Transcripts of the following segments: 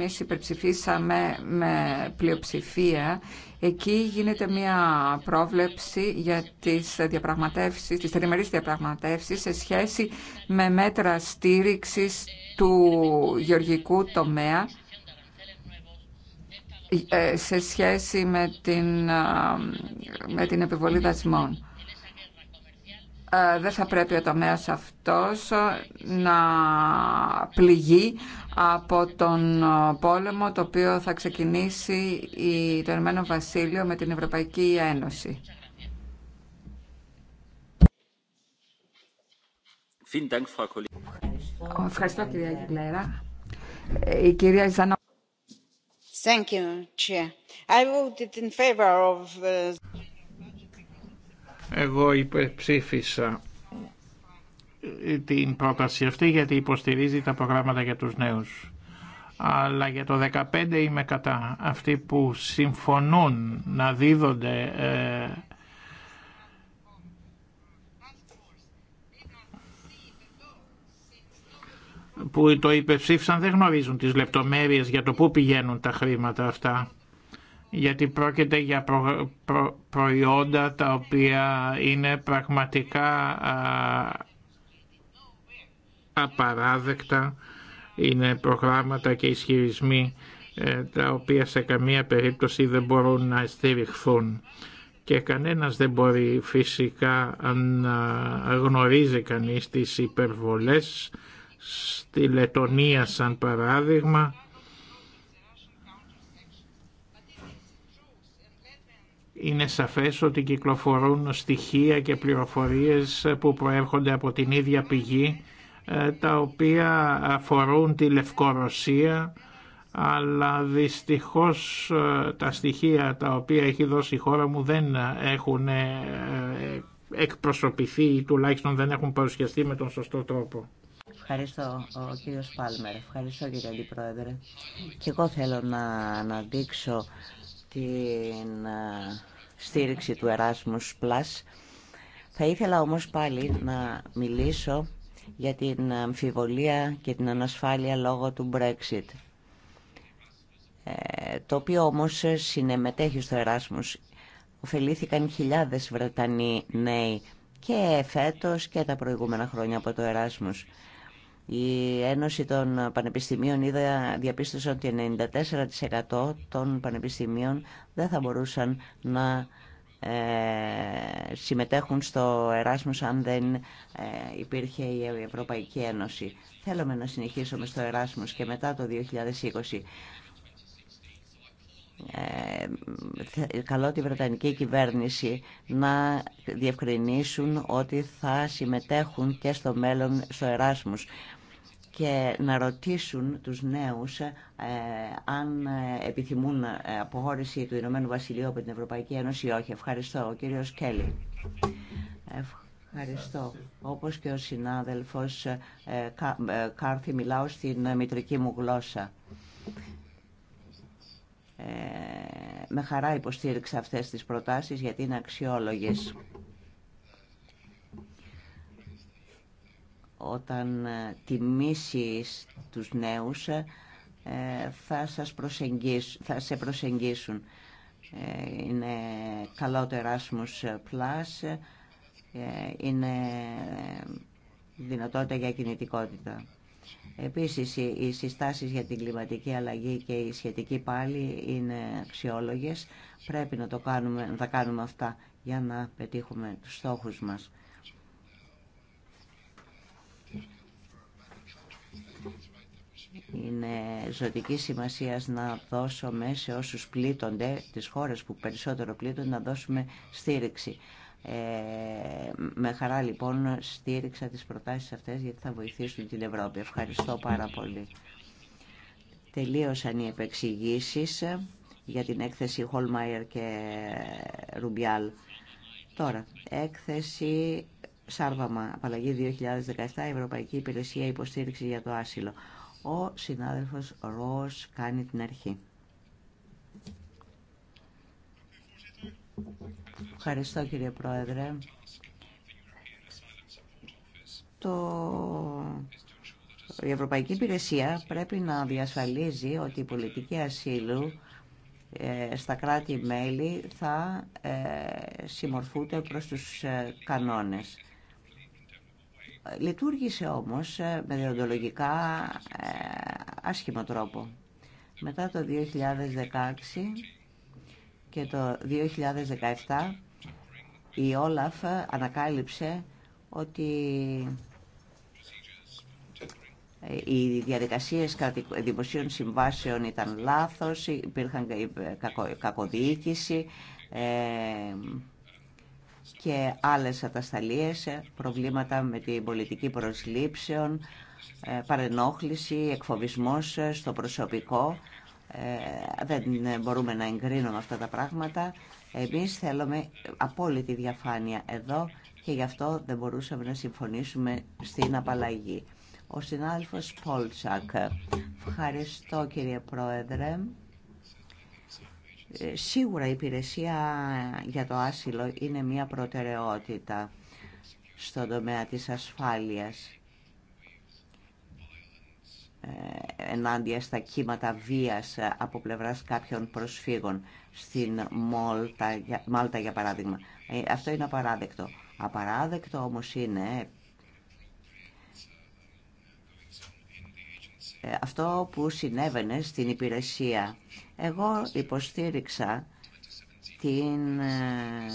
Εμεί υπερψηφίσαμε με πλειοψηφία. Εκεί γίνεται μια πρόβλεψη για τις διαπραγματεύσεις, τις τριμερείς διαπραγματεύσεις σε σχέση με μέτρα στήριξης του γεωργικού τομέα ε, σε σχέση με την, ε, με την επιβολή δασμών. Ε, δεν θα πρέπει ο τομέας αυτός ε, να πληγεί από τον ε, πόλεμο το οποίο θα ξεκινήσει η το Ενωμένο Βασίλειο με την Ευρωπαϊκή Ένωση. Ευχαριστώ κυρία Γκλέρα. Η κυρία Ζανό. Thank you, Chair. I voted in favor of... Uh, εγώ υπεψήφισα την πρόταση αυτή γιατί υποστηρίζει τα προγράμματα για τους νέους. Αλλά για το 2015 είμαι κατά. Αυτοί που συμφωνούν να δίδονται ε, που το υπεψήφισαν δεν γνωρίζουν τις λεπτομέρειες για το πού πηγαίνουν τα χρήματα αυτά γιατί πρόκειται για προϊόντα τα οποία είναι πραγματικά απαράδεκτα, είναι προγράμματα και ισχυρισμοί ε, τα οποία σε καμία περίπτωση δεν μπορούν να στηριχθούν. Και κανένας δεν μπορεί φυσικά να γνωρίζει κανείς τις υπερβολές, στη Λετωνία σαν παράδειγμα, είναι σαφές ότι κυκλοφορούν στοιχεία και πληροφορίες που προέρχονται από την ίδια πηγή ε, τα οποία αφορούν τη Λευκορωσία αλλά δυστυχώς ε, τα στοιχεία τα οποία έχει δώσει η χώρα μου δεν έχουν ε, εκπροσωπηθεί ή τουλάχιστον δεν έχουν παρουσιαστεί με τον σωστό τρόπο. Ευχαριστώ ο κύριος Πάλμερ, ευχαριστώ κύριε Αντιπρόεδρε. Και εγώ θέλω να αναδείξω την ε, στήριξη του Erasmus Plus. Θα ήθελα όμως πάλι να μιλήσω για την αμφιβολία και την ανασφάλεια λόγω του Brexit ε, το οποίο όμως συνεμετέχει στο Εράσμους. Οφελήθηκαν χιλιάδες Βρετανοί νέοι και φέτος και τα προηγούμενα χρόνια από το Εράσμους. Η Ένωση των Πανεπιστημίων είδα, διαπίστωσε ότι 94% των πανεπιστημίων δεν θα μπορούσαν να ε, συμμετέχουν στο Εράσμος αν δεν ε, υπήρχε η Ευρωπαϊκή Ένωση. Θέλουμε να συνεχίσουμε στο Εράσμος και μετά το 2020. Ε, καλώ τη Βρετανική κυβέρνηση να διευκρινίσουν ότι θα συμμετέχουν και στο μέλλον στο Εράσμους και να ρωτήσουν τους νέους ε, αν ε, επιθυμούν ε, αποχώρηση του Ηνωμένου Βασιλείου από την Ευρωπαϊκή Ένωση ή όχι. Ευχαριστώ. Ο κύριος Κέλλη. Ευχαριστώ. Όπως και ο συνάδελφος ε, Κάρθη μιλάω στην μητρική μου γλώσσα. με χαρά υποστήριξα αυτές τις προτάσεις γιατί είναι αξιόλογες. όταν ε, τιμήσεις τους νέους ε, θα, σε προσεγγίσουν. Ε, είναι καλό το Erasmus Plus, είναι δυνατότητα για κινητικότητα. Επίσης, οι συστάσεις για την κλιματική αλλαγή και η σχετική πάλι είναι αξιόλογες. Πρέπει να, το κάνουμε, να τα κάνουμε αυτά για να πετύχουμε τους στόχους μας. Είναι ζωτική σημασία να δώσουμε σε όσους πλήττονται, τις χώρες που περισσότερο πλήττονται, να δώσουμε στήριξη. Ε, με χαρά λοιπόν στήριξα τις προτάσεις αυτές γιατί θα βοηθήσουν την Ευρώπη. Ευχαριστώ πάρα πολύ. Τελείωσαν οι επεξηγήσεις για την έκθεση Χολμάιερ και Ρουμπιάλ. Τώρα, έκθεση Σάρβαμα, απαλλαγή 2017, Ευρωπαϊκή Υπηρεσία Υποστήριξη για το Άσυλο. Ο συνάδελφος Ρος κάνει την αρχή. Ευχαριστώ κύριε Πρόεδρε. Το... Η Ευρωπαϊκή Υπηρεσία πρέπει να διασφαλίζει ότι η πολιτική ασύλου ε, στα κράτη-μέλη θα ε, συμμορφούνται προς τους ε, κανόνες. Λειτουργήσε όμως ε, με διοντολογικά ε, άσχημο τρόπο. Μετά το 2016 και το 2017 η Όλαφ ανακάλυψε ότι ε, οι διαδικασίες δημοσίων συμβάσεων ήταν λάθος, υπήρχαν κακοδιοίκηση, και άλλες ατασταλίες, προβλήματα με την πολιτική προσλήψεων, ε, παρενόχληση, εκφοβισμός ε, στο προσωπικό. Ε, δεν μπορούμε να εγκρίνουμε αυτά τα πράγματα. Εμείς θέλουμε απόλυτη διαφάνεια εδώ και γι' αυτό δεν μπορούσαμε να συμφωνήσουμε στην απαλλαγή. Ο συνάδελφος Πόλτσακ. Ευχαριστώ κύριε Πρόεδρε. Ε, σίγουρα η υπηρεσία για το άσυλο είναι μια προτεραιότητα στον τομέα της ασφάλειας ε, ενάντια στα κύματα βίας από πλευράς κάποιων προσφύγων στην Μόλτα, Μάλτα για παράδειγμα. Ε, αυτό είναι απαράδεκτο. Απαράδεκτο όμως είναι αυτό που συνέβαινε στην υπηρεσία εγώ υποστήριξα την, ε,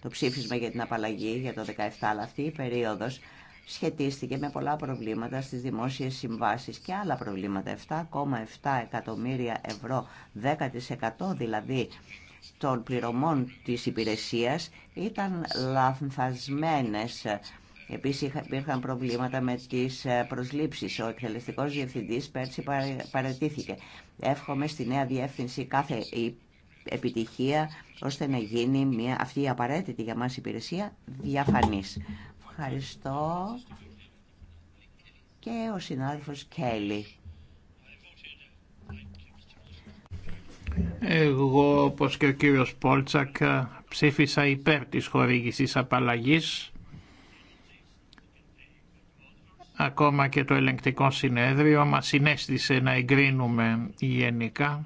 το ψήφισμα για την απαλλαγή για το 17, αλλά αυτή η περίοδος σχετίστηκε με πολλά προβλήματα στις δημόσιες συμβάσεις και άλλα προβλήματα. 7,7 εκατομμύρια ευρώ, 10% δηλαδή των πληρωμών της υπηρεσίας ήταν λανθασμένες Επίσης υπήρχαν προβλήματα με τις ε, προσλήψεις. Ο εκτελεστικός διευθυντής πέρσι παρατήθηκε. Εύχομαι στη νέα διεύθυνση κάθε επιτυχία ώστε να γίνει μια, αυτή η απαραίτητη για μας υπηρεσία διαφανής. Ευχαριστώ και ο συνάδελφος Κέλλη. Εγώ, όπως και ο κύριος Πόλτσακ, ε, ψήφισα υπέρ της χορήγησης απαλλαγής Ακόμα και το ελεγκτικό συνέδριο μας συνέστησε να εγκρίνουμε γενικά.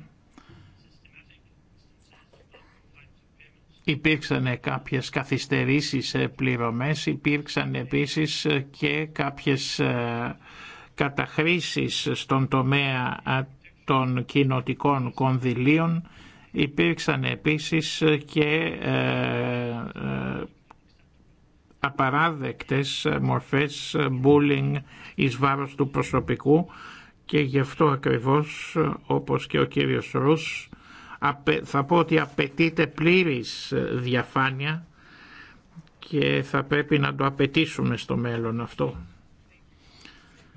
Υπήρξαν κάποιες καθυστερήσεις σε πληρωμές, υπήρξαν επίσης και κάποιες ε, καταχρήσεις στον τομέα ε, των κοινοτικών κονδυλίων. Υπήρξαν επίσης και ε, απαράδεκτες μορφές bullying εις βάρος του προσωπικού και γι' αυτό ακριβώς όπως και ο κύριος Ρούς θα πω ότι απαιτείται πλήρης διαφάνεια και θα πρέπει να το απαιτήσουμε στο μέλλον αυτό.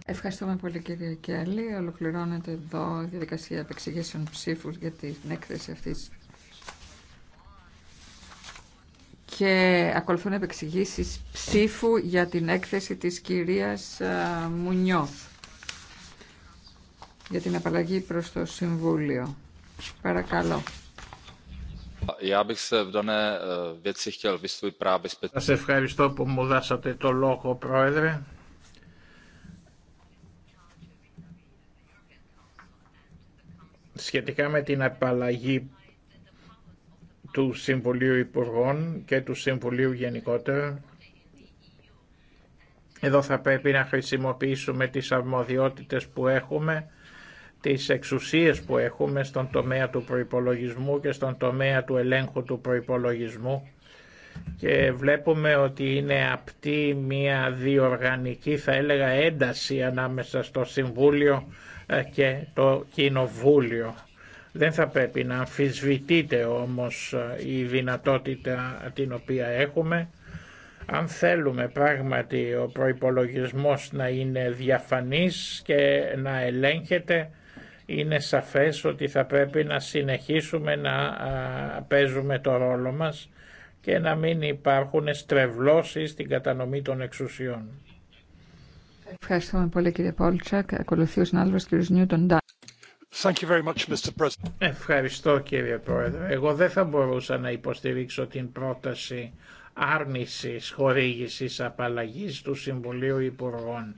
Ευχαριστούμε πολύ κύριε Κέλλη. Ολοκληρώνεται εδώ η διαδικασία επεξηγήσεων ψήφου για την έκθεση αυτής και ακολουθούν επεξηγήσεις ψήφου για την έκθεση της κυρίας ε, Μουνιώθ για την απαλλαγή προς το Συμβούλιο. Παρακαλώ. Σας ευχαριστώ που μου δάσατε το λόγο, Πρόεδρε. Σχετικά με την απαλλαγή του Συμβουλίου Υπουργών και του Συμβουλίου γενικότερα. Εδώ θα πρέπει να χρησιμοποιήσουμε τις αρμοδιότητες που έχουμε, τις εξουσίες που έχουμε στον τομέα του προϋπολογισμού και στον τομέα του ελέγχου του προϋπολογισμού και βλέπουμε ότι είναι απτή μια διοργανική θα έλεγα ένταση ανάμεσα στο Συμβούλιο ε, και το Κοινοβούλιο. Δεν θα πρέπει να αμφισβητείται όμως ε, η δυνατότητα την οποία έχουμε. Αν θέλουμε πράγματι ο προϋπολογισμός να είναι διαφανής και να ελέγχεται, είναι σαφές ότι θα πρέπει να συνεχίσουμε να παίζουμε το ρόλο μας και να μην υπάρχουν στρεβλώσεις στην κατανομή των εξουσιών. Ευχαριστούμε πολύ κύριε Πόλτσακ. Ακολουθεί ο συνάδελφος κύριος Ευχαριστώ κύριε Πρόεδρε. Εγώ δεν θα μπορούσα να υποστηρίξω την πρόταση άρνησης χορήγησης απαλλαγής του Συμβουλίου Υπουργών.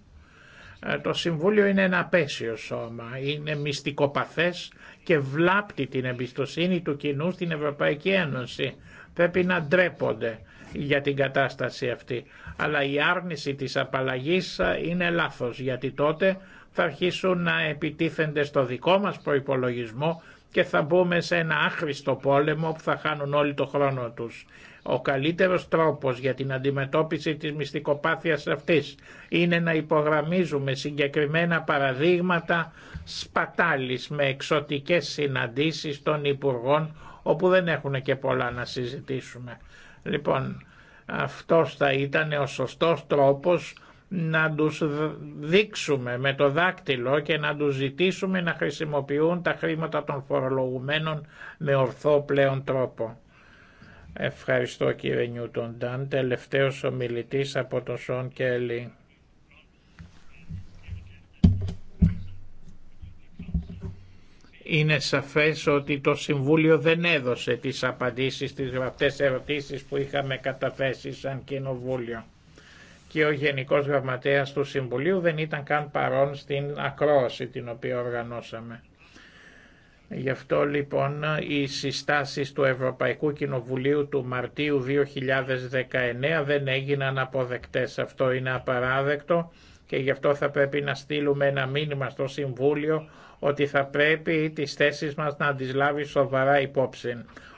Ε, το Συμβούλιο είναι ένα απέσιο σώμα, είναι μυστικοπαθές και βλάπτει την εμπιστοσύνη του κοινού στην Ευρωπαϊκή Ένωση. Πρέπει να ντρέπονται για την κατάσταση αυτή. Αλλά η άρνηση της απαλλαγής ε, είναι λάθος, γιατί τότε θα αρχίσουν να επιτίθενται στο δικό μας προϋπολογισμό και θα μπούμε σε ένα άχρηστο πόλεμο που θα χάνουν όλοι το χρόνο τους. Ο καλύτερος τρόπος για την αντιμετώπιση της μυστικοπάθειας αυτής είναι να υπογραμμίζουμε συγκεκριμένα παραδείγματα σπατάλης με εξωτικές συναντήσεις των Υπουργών όπου δεν έχουν και πολλά να συζητήσουμε. Λοιπόν, αυτός θα ήταν ο σωστός τρόπος να τους δείξουμε με το δάκτυλο και να τους ζητήσουμε να χρησιμοποιούν τα χρήματα των φορολογουμένων με ορθό πλέον τρόπο. Ευχαριστώ κύριε Νιούτον Ντάν. Τελευταίος ομιλητής από τον Σον Κέλλη. Είναι σαφές ότι το Συμβούλιο δεν έδωσε τις απαντήσεις, τις γραπτές ερωτήσεις που είχαμε καταθέσει σαν Κοινοβούλιο και ο Γενικός Γραμματέας του Συμβουλίου δεν ήταν καν παρόν στην ακρόαση την οποία οργανώσαμε. Γι' αυτό λοιπόν οι συστάσεις του Ευρωπαϊκού Κοινοβουλίου του Μαρτίου 2019 δεν έγιναν αποδεκτές. Αυτό είναι απαράδεκτο και γι' αυτό θα πρέπει να στείλουμε ένα μήνυμα στο Συμβούλιο ότι θα πρέπει τις θέσεις μας να τις λάβει σοβαρά υπόψη.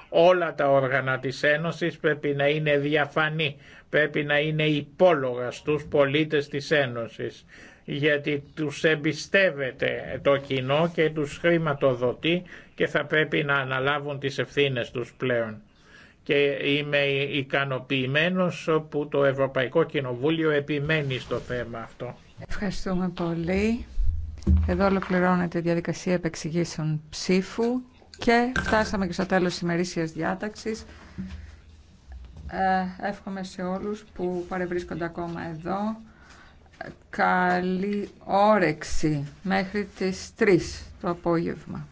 Όλα τα όργανα της Ένωσης πρέπει να είναι διαφανή, πρέπει να είναι υπόλογα στους πολίτες της Ένωσης γιατί τους εμπιστεύεται το κοινό και τους χρηματοδοτεί και θα πρέπει να αναλάβουν τις ευθύνες τους πλέον. Και είμαι ικανοποιημένος που το Ευρωπαϊκό Κοινοβούλιο επιμένει στο θέμα αυτό. Ευχαριστούμε πολύ. Εδώ ολοκληρώνεται η διαδικασία επεξηγήσεων ψήφου. Και φτάσαμε και στο τέλος της ημερήσιας διάταξης. Ε, εύχομαι σε όλους που παρευρίσκονται ακόμα εδώ. Καλή όρεξη μέχρι τις 3 το απόγευμα.